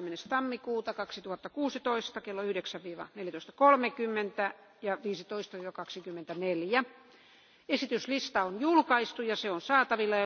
kaksikymmentä tammikuuta kaksituhatta kuusitoista kello yhdeksän neljätoista kolmekymmentä ja. viisitoista kaksikymmentäneljä esityslista on julkaistu ja se on saatavilla